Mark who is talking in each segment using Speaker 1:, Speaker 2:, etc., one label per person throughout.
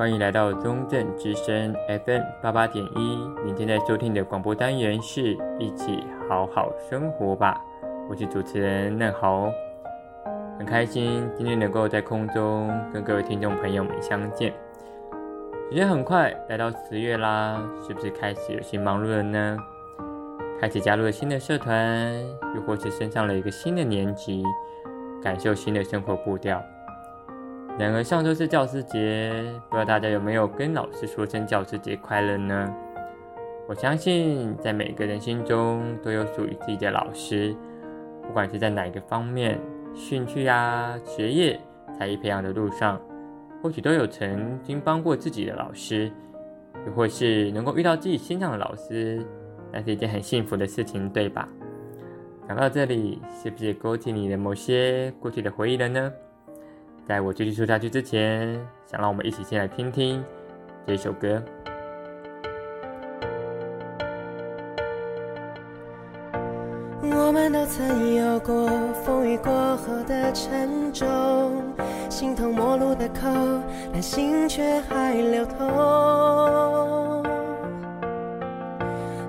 Speaker 1: 歡迎來到中正之聲 FM 八八點一，您正在收聽的廣播單元是《一起好好生活吧》，我是主持人嫩豪，很開心今天能夠在空中跟各位聽眾朋友們相見。時間很快來到十月啦，是不是開始有些忙碌了呢？開始加入了新的社團，又或是升上了一個新的年級，感受新的生活步調。然而上周是教師節，不知道大家有沒有跟老師說聲教師節快樂呢？我相信在每個人心中都有屬於自己的老師，不管是在哪一個方面，興趣啊、學業、才藝培養的路上，或許都有曾經幫過自己的老師，又或是能夠遇到自己心上的老師，那是一件很幸福的事情，對吧？講到這裡，是不是勾起你的某些過去的回憶了呢？在我繼續說下去之前，想讓我們一起先來聽聽這首歌。
Speaker 2: 我們都曾有過風雨過後的沉重，形同陌路的口，但心卻還流通。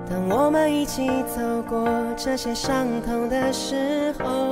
Speaker 2: 當我們一起走過這些傷痛的時候。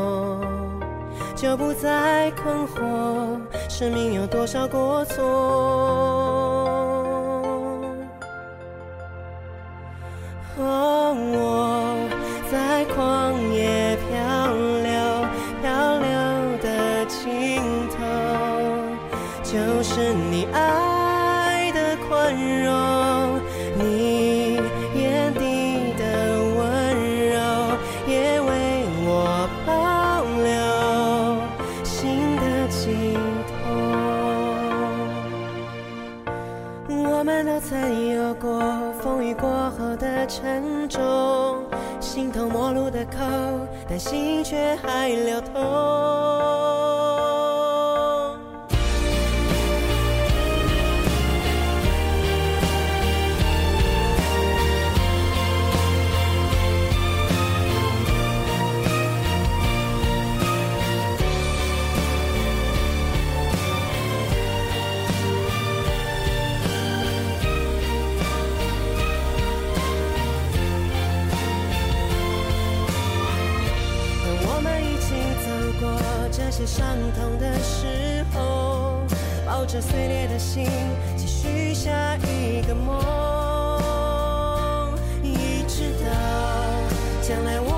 Speaker 2: 就不再困惑，生命有多少過錯？Oh. 曾有過風雨過後的沉重，形同陌路的口，但心卻還流通。最傷痛的時候，抱着碎裂的心，繼續下一個夢，一直到將來我。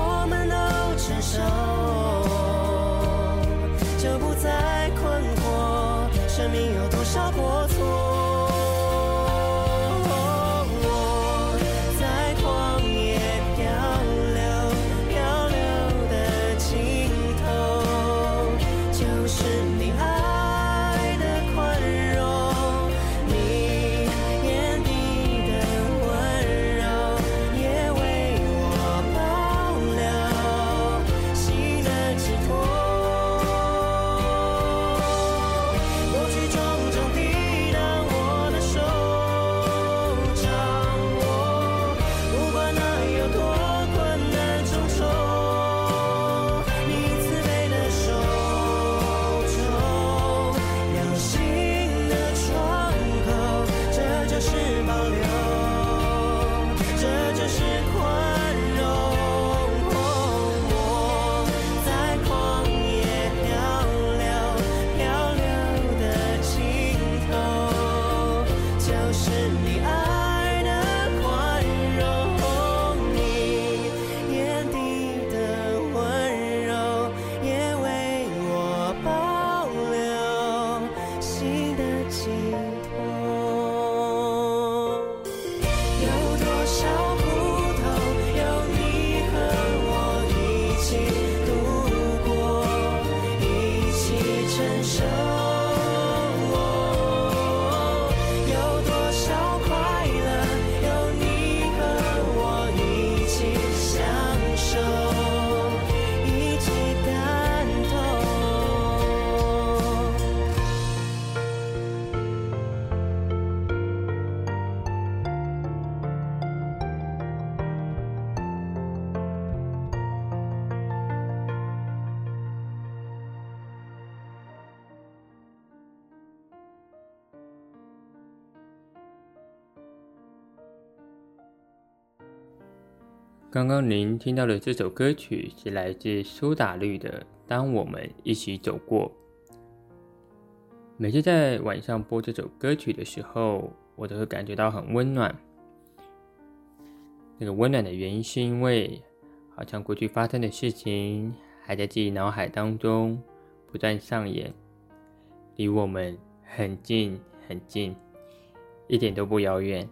Speaker 1: 剛剛您聽到的這首歌曲是來自蘇打綠的《當我們一起走過》。每次在晚上播這首歌曲的時候，我都會感覺到很溫暖。那個溫暖的原因是因為，好像過去發生的事情還在自己腦海當中不斷上演，離我們很近很近，一點都不遙遠。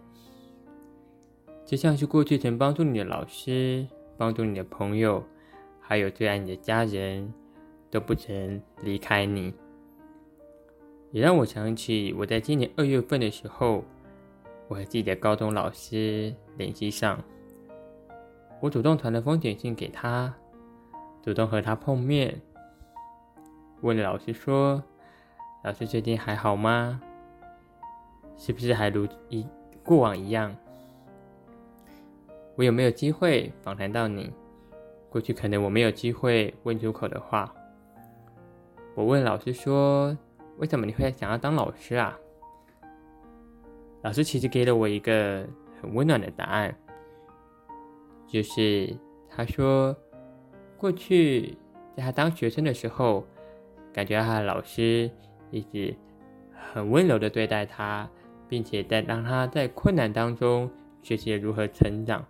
Speaker 1: 就像是過去曾幫助你的老師、幫助你的朋友，還有最愛你的家人，都不曾離開你。也讓我想起我在今年二月份的時候，我和自己的高中老師聯繫上，我，主動傳了封簡訊給他，主動和他碰面，問了老師說：“老師最近還好嗎？是不是還如一過往一樣？”我有沒有機會訪談到你？過去可能我沒有機會問出口的話，我問老師說：“為什麼你會想要當老師啊？”老師其實給了我一個很溫暖的答案，就是他說：“過去在他當學生的時候，感覺他的老師一直很溫柔的對待他，並且在讓他在困難當中學習如何成長。”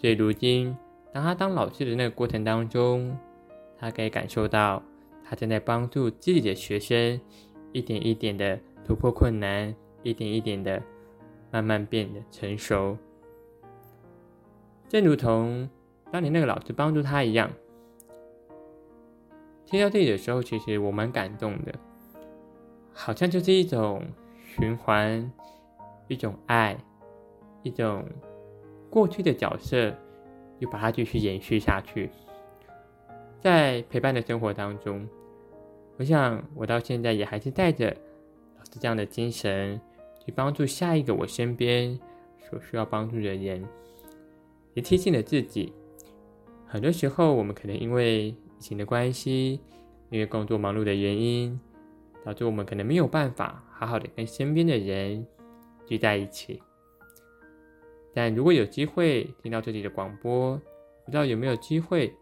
Speaker 1: 所以，如今，當他當老師的那個過程當中，他可以感受到，他正在幫助自己的學生，一點一點的突破困難，一點一點的慢慢變得成熟，正如同當年那個老師幫助他一樣。聽到這裡的時候，其實我蠻感動的，好像就是一種循環，一種愛，一種。過去的角色，又把它繼續延續下去。在陪伴的生活當中，我想我到現在也還是帶着老師這樣的精神，去幫助下一個我身邊所需要幫助的人，也提醒了自己。很多時候，我們可能因為疫情的關係，因為工作忙碌的原因，導致我們可能沒有辦法好好的跟身邊的人聚在一起。但如果有機會聽到這裡的廣播，不知道有沒有機會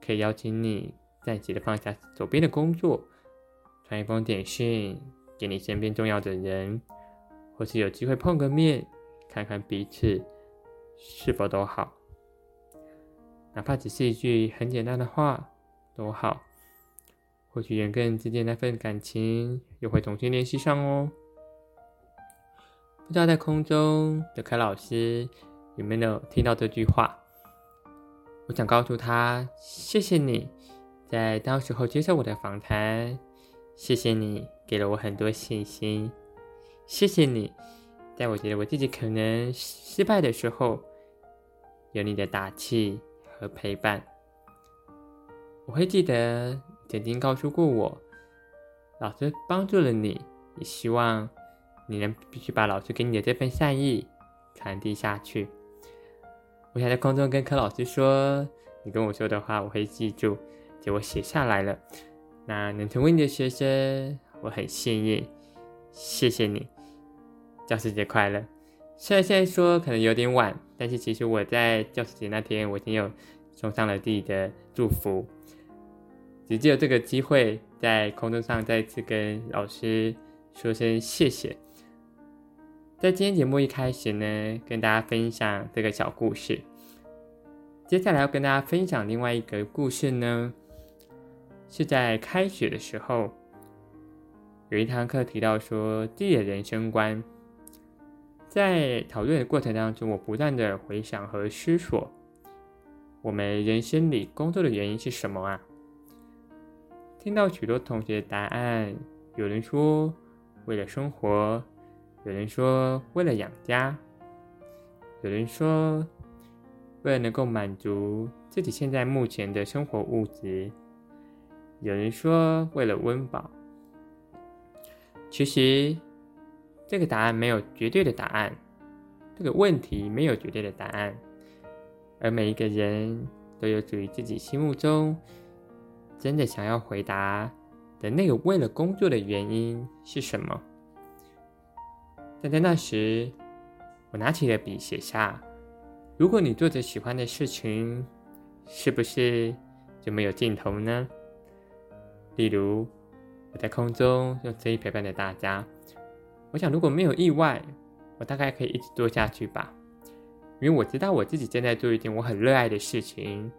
Speaker 1: 可以邀請你暫時的放下手邊的工作，傳一封簡訊給你身邊重要的人，或是有機會碰個面，看看彼此是否都好，哪怕只是一句很簡單的話都好，或許人跟人之間那份感情又會重新聯繫上哦。不知道在空中的凱老師有沒有聽到這句話？我想告訴他，謝謝你在當時候接受我的訪談，謝謝你給了我很多信心，謝謝你，在我覺得我自己可能失敗的時候，有你的打氣和陪伴。我會記得曾經告訴過我，老師幫助了你，也希望。你能必須把老師給你的這份善意傳遞下去。我想在空中跟柯老師說，你跟我說的話我會記住，結果寫下來了。那能成為你的學生，我很幸運，謝謝你，教師節快樂。雖然現在說可能有點晚，但是其實我在教師節那天，我已經有送上了自己的祝福。只借這個機會，在空中上再次跟老師說聲謝謝。在今天節目一開始呢，跟大家分享這個小故事。接下來要跟大家分享另外一個故事呢，是在開學的時候，有一堂課提到說自己的人生觀。在討論的過程當中，我不斷的回想和思索，我們人生裡工作的原因是什麼啊？聽到許多同學的答案，有人說為了生活。有人說為了養家，有人說為了能夠滿足自己現在目前的生活物質，有人說為了溫飽。其實這個答案沒有絕對的答案，這個問題沒有絕對的答案，而每一個人都有屬於自己心目中真的想要回答的那個為了工作的原因是什麼。但在那時，我拿起了筆寫下：“如果你做着喜歡的事情，是不是就沒有盡頭呢？”例如，我在空中用聲音陪伴着大家。我想，如果沒有意外，我大概可以一直做下去吧，因為我知道我自己正在做一件我很熱愛的事情。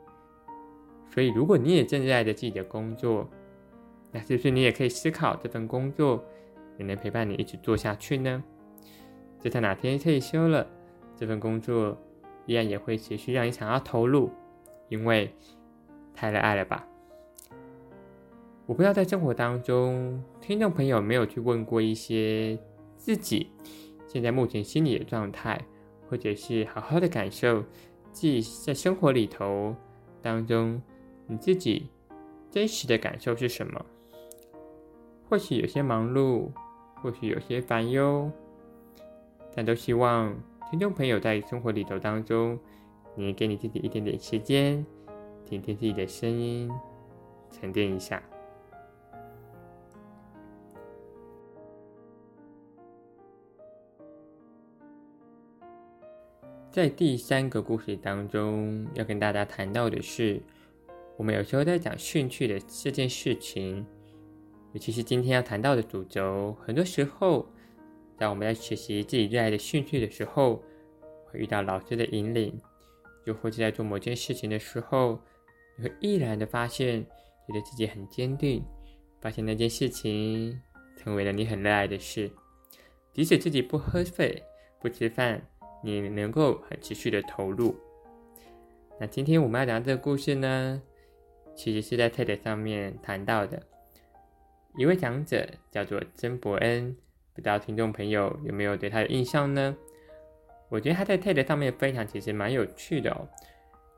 Speaker 1: 所以，如果你也正熱愛着自己的工作，那是不是你也可以思考這份工作也能陪伴你一直做下去呢？就算哪天退休了，這份工作依然也會持續讓你想要投入，因為太熱愛了吧？我不知道在生活當中，聽眾朋友有沒有去問過一些自己現在目前心理的狀態，或者是好好的感受自己在生活裡頭當中你自己真實的感受是什麼？或許有些忙碌，或許有些煩憂。但都希望聽眾朋友在生活裡頭當中，你給你自己一點點時間，聽聽自己的聲音，沉澱一下。在第三個故事當中，要跟大家談到的是，我們有時候在講興趣的這件事情，尤其是今天要談到的主軸，很多時候，當我們在學習自己熱愛的興趣的時候，會遇到老師的引領；又或者在做某件事情的時候，你會毅然的發現，覺得自己很堅定，發現那件事情成為了你很熱愛的事。即使自己不喝水、不吃飯，你能夠很持續的投入。那今天我們要講的這個故事呢，其實是在 TED 上面談到的，一位講者叫做珍伯恩。不知道聽眾朋友有沒有對他有印象呢？我覺得他在 TED 上面的分享其實蠻有趣的哦。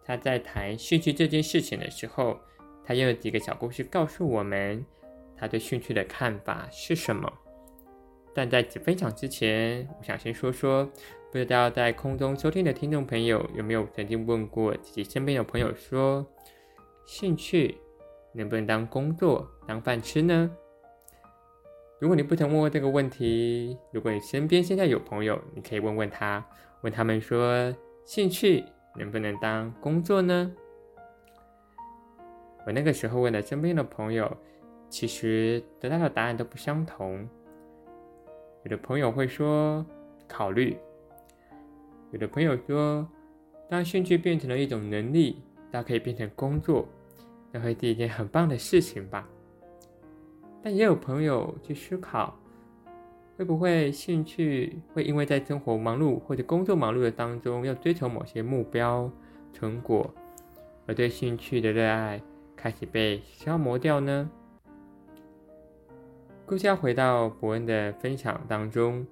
Speaker 1: 他在談興趣這件事情的時候，他用了幾個小故事告訴我們他對興趣的看法是什麼。但在此分享之前，我想先說說，不知道在空中收聽的聽眾朋友有沒有曾經問過自己身邊的朋友說，興趣能不能當工作，當飯吃呢？如果你不曾問過這個問題，如果你身邊現在有朋友，你可以問問他，問他們說：興趣能不能當工作呢？我那個時候問了身邊的朋友，其實得到的答案都不相同。有的朋友會說考慮，有的朋友說，當興趣變成了一種能力，它可以變成工作，那會是一件很棒的事情吧。但也有朋友去思考，會不會興趣會因為在生活忙碌或者工作忙碌的當中，要追求某些目標成果，而對興趣的熱愛開始被消磨掉呢？故事要回到伯恩的分享當中，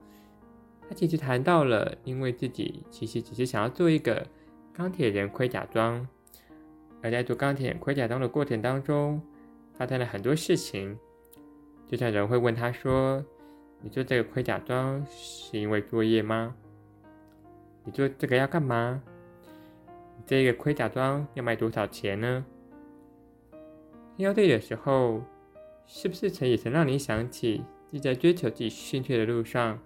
Speaker 1: 他其實談到了，因為自己其實只是想要做一個鋼鐵人盔甲裝，而在做鋼鐵人盔甲裝的過程當中，發生了很多事情。就像人會問他說：“你做這個盔甲裝是因為作業嗎？你做這個要幹嘛？你這個盔甲裝要賣多少錢呢？”要對的時候，是不是曾也曾讓你想起，自己在追求自己興趣的路上，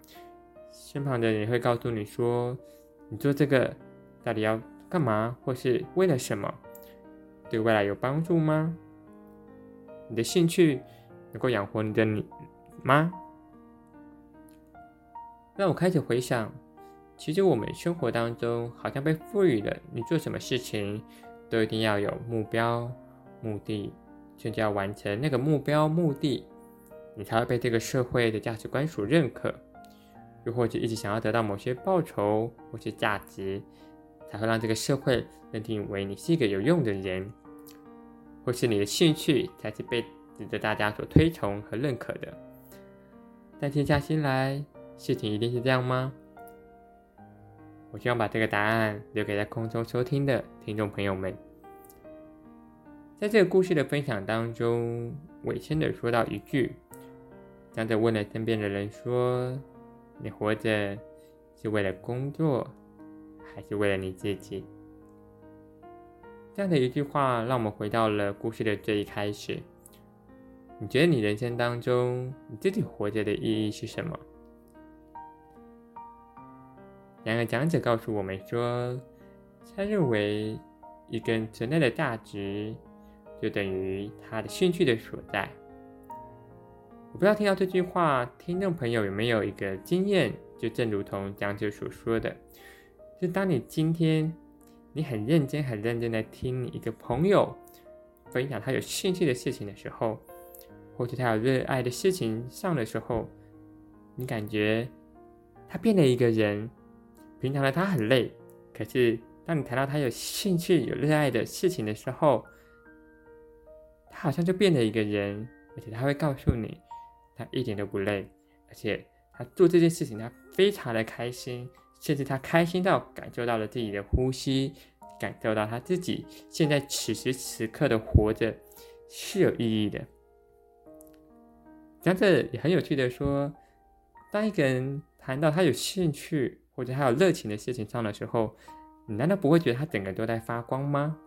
Speaker 1: 身旁的人會告訴你說：“你做這個到底要幹嘛？或是為了什麼？對未來有幫助嗎？”你的興趣。能夠養活你的你嗎？讓我開始回想，其實我們生活當中好像被賦予了，你做什麼事情都一定要有目標、目的，甚至要完成那個目標、目的，你才會被這個社會的價值觀所認可；又或者一直想要得到某些報酬或是價值，才會讓這個社會認定為你是一個有用的人，或是你的興趣才是被。值得大家所推崇和認可的，但靜下心來，事情一定是這樣嗎？我希望把這個答案留給在空中收聽的聽眾朋友們。在這個故事的分享當中，尾聲的說到一句：“張着問了身邊的人說，你活着是為了工作，還是為了你自己？”這樣的一句話，讓我們回到了故事的最一開始。你覺得你人生當中你自己活着的意義是什麼？兩個講者告訴我們說，他認為一個人存在的價值就等於他的興趣的所在。我不知道聽到這句話，聽眾朋友有沒有一個經驗？就正如同講者所說的，就當你今天你很認真、很認真的聽你一個朋友分享他有興趣的事情的時候。或者他有熱愛的事情上的時候，你感覺他變了一個人。平常的他很累，可是當你談到他有興趣、有熱愛的事情的時候，他好像就變了一個人。而且他會告訴你，他一點都不累，而且他做這件事情他非常的開心，甚至他開心到感受到了自己的呼吸，感受到他自己現在此時此刻的活着是有意義的。但是也很有趣的說，當一個人談到他有興趣或者他有熱情的事情上的時候，你難道不會覺得他整個都在發光嗎？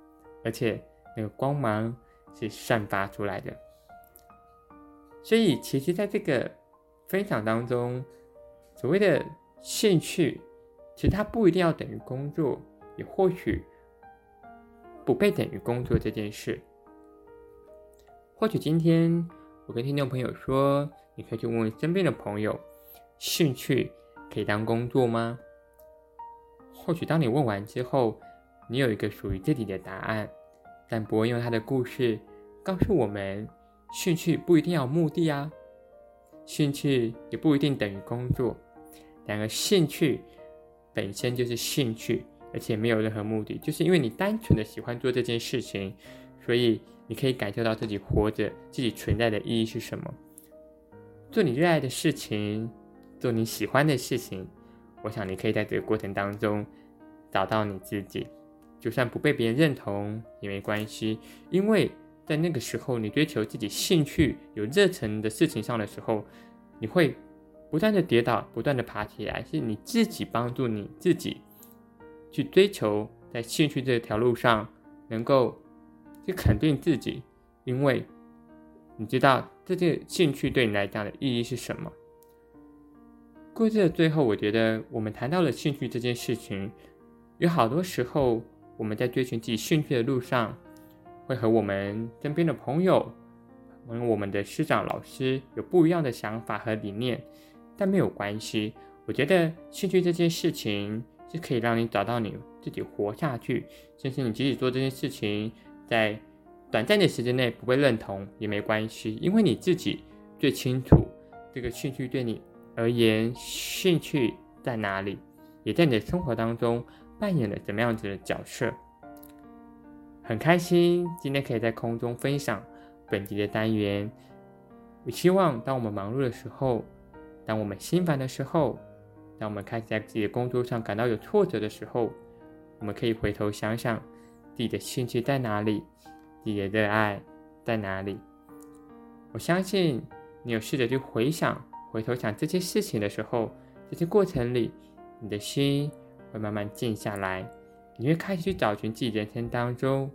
Speaker 1: 而且那個光芒是散發出來的。所以其實在這個分享當中，所謂的興趣，其實它不一定要等於工作，也或許不被等於工作這件事。或許今天。我跟聽眾朋友說：“你可以去問問身邊的朋友，興趣可以當工作嗎？或許當你問完之後，你有一個屬於自己的答案。但博恩用他的故事告訴我們：興趣不一定要目的啊，興趣也不一定等於工作。然而，興趣本身就是興趣，而且沒有任何目的，就是因為你單純的喜歡做這件事情，所以。”你可以感受到自己活着、自己存在的意義是什麼？做你熱愛的事情，做你喜歡的事情，我想你可以在這個過程當中找到你自己。就算不被別人認同也沒關係，因為在那個時候你追求自己興趣、有熱忱的事情上的時候，你會不斷的跌倒、不斷的爬起來，是你自己幫助你自己去追求，在興趣這條路上能夠去肯定自己，因為你知道這些興趣對你來講的意義是什麼。故事的最後，我覺得我們談到了興趣這件事情。有好多時候，我們在追尋自己興趣的路上，會和我們身邊的朋友、跟我們的師長、老師有不一樣的想法和理念，但沒有關係。我覺得興趣這件事情是可以讓你找到你自己活下去，甚至你即使做這件事情。在短暫的時間內不被認同也沒關係，因為你自己最清楚這個興趣對你而言興趣在哪裡，也在你的生活當中扮演了怎麼樣子的角色。很開心今天可以在空中分享本集的單元。我希望當我們忙碌的時候，當我們心煩的時候，當我們開始在自己的工作上感到有挫折的時候，我們可以回頭想想。自己的興趣在哪裡？自己的熱愛在哪裡？我相信你有試着去回想、回頭想這些事情的時候，這些過程裡，你的心會慢慢靜下來，你會開始去找尋自己人生當中，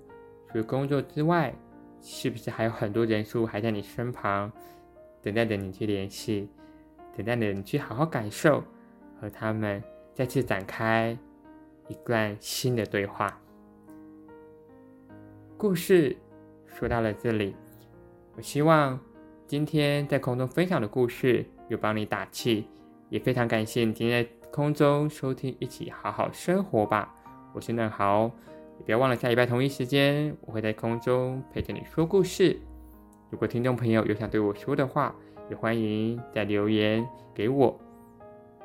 Speaker 1: 除了工作之外，是不是還有很多人事物還在你身旁，等待着你去聯繫，等待着你去好好感受，和他們再次展開一段新的對話。故事說到了這裡，我希望今天在空中分享的故事有幫你打氣，也非常感謝你今天在空中收聽，一起好好生活吧。我是嫩豪，也不要忘了下禮拜同一時間我會在空中陪着你說故事。如果聽眾朋友有想對我說的話，也歡迎在留言給我。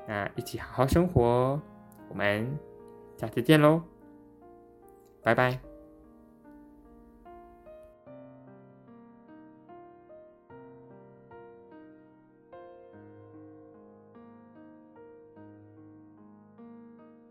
Speaker 1: 那一起好好生活，我們下次見嘍，拜拜。